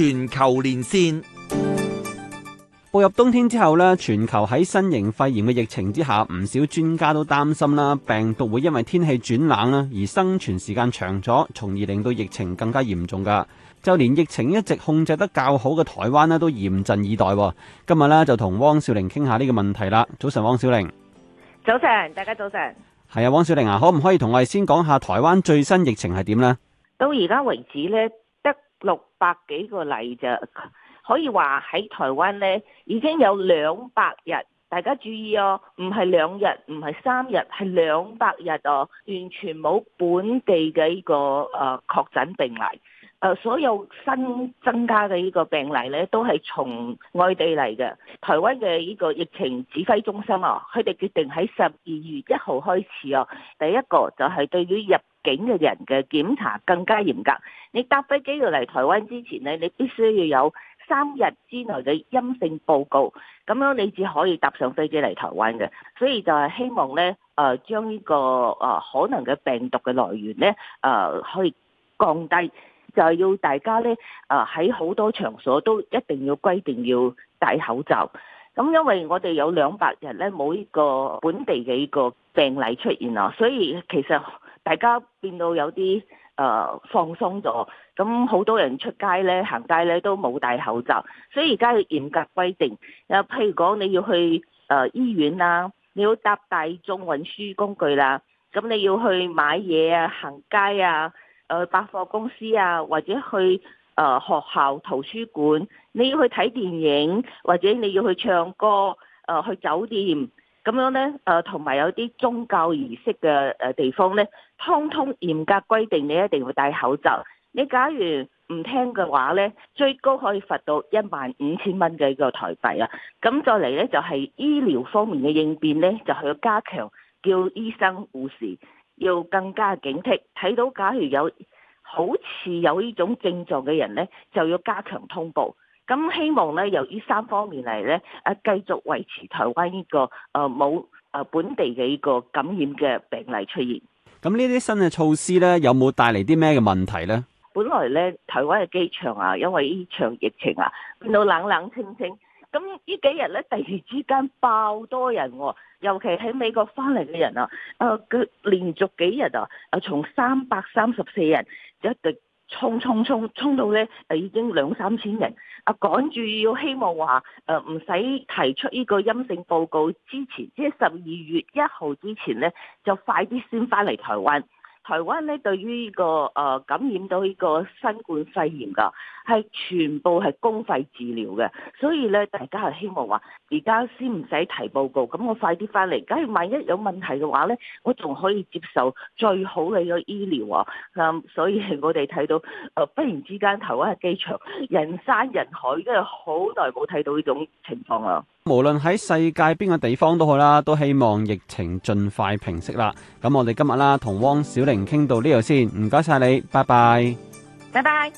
全球連線。步入冬天之後呢，全球喺新型肺炎嘅疫情之下，唔少專家都擔心啦，病毒會因為天氣轉冷啦而生存時間長咗，從而令到疫情更加嚴重噶。就連疫情一直控制得較好嘅台灣呢都嚴陣以待。今日呢，就同汪小玲傾下呢個問題啦。早晨，汪小玲。早晨，大家早晨。係啊，汪小玲啊，可唔可以同我哋先講下台灣最新疫情係點呢？到而家為止呢。六百幾個例，就可以話喺台灣呢，已經有兩百日，大家注意哦，唔係兩日，唔係三日，係兩百日哦，完全冇本地嘅呢個誒、呃、確診病例。誒，所有新增加嘅呢個病例咧，都係從外地嚟嘅。台灣嘅呢個疫情指揮中心啊，佢哋決定喺十二月一號開始啊。第一個就係對於入境嘅人嘅檢查更加嚴格。你搭飛機要嚟台灣之前呢，你必須要有三日之內嘅陰性報告，咁樣你只可以搭上飛機嚟台灣嘅。所以就係希望咧，誒將呢個誒可能嘅病毒嘅來源咧，誒可以降低。就係、要大家咧，啊喺好多場所都一定要規定要戴口罩。咁因為我哋有兩百日咧冇呢個本地嘅呢個病例出現啊，所以其實大家變到有啲、呃、放鬆咗。咁好多人出街咧、行街咧都冇戴口罩，所以而家要嚴格規定。譬如講，你要去誒、呃、醫院啊，你要搭大眾運輸工具啦、啊，咁你要去買嘢啊、行街啊。誒，百貨公司啊，或者去誒、呃、學校圖書館，你要去睇電影，或者你要去唱歌，誒、呃、去酒店，咁樣呢，誒同埋有啲宗教儀式嘅誒地方呢，通通嚴格規定你一定要戴口罩。你假如唔聽嘅話呢，最高可以罰到一萬五千蚊嘅一個台幣啦、啊。咁再嚟呢，就係、是、醫療方面嘅應變呢，就係要加強叫醫生護士。要更加警惕，睇到假如有好似有呢種症狀嘅人咧，就要加強通報。咁希望咧，由呢三方面嚟咧，啊繼續維持台灣呢個誒冇誒本地嘅呢個感染嘅病例出現。咁呢啲新嘅措施咧，有冇帶嚟啲咩嘅問題咧？本來咧，台灣嘅機場啊，因為呢場疫情啊，變到冷冷清清。咁呢幾日咧，突然之間爆多人喎，尤其喺美國翻嚟嘅人啊，誒，佢連續幾日啊，啊，從三百三十四人一直衝沖沖沖，沖到咧誒，已經兩三千人，啊，趕住要希望話誒，唔使提出呢個陰性報告之前，即係十二月一號之前咧，就快啲先翻嚟台灣。台灣咧對於呢個誒感染到呢個新冠肺炎㗎，係全部係公費治療嘅，所以咧大家係希望話而家先唔使提報告，咁我快啲翻嚟，假如萬一有問題嘅話咧，我仲可以接受最好嘅醫療啊！所以我哋睇到誒忽然之間台灣嘅機場人山人海，因為好耐冇睇到呢種情況啦。無論喺世界邊個地方都好啦，都希望疫情盡快平息啦。咁我哋今日啦同汪小玲。傾到呢度先，唔該晒你，拜拜，拜拜。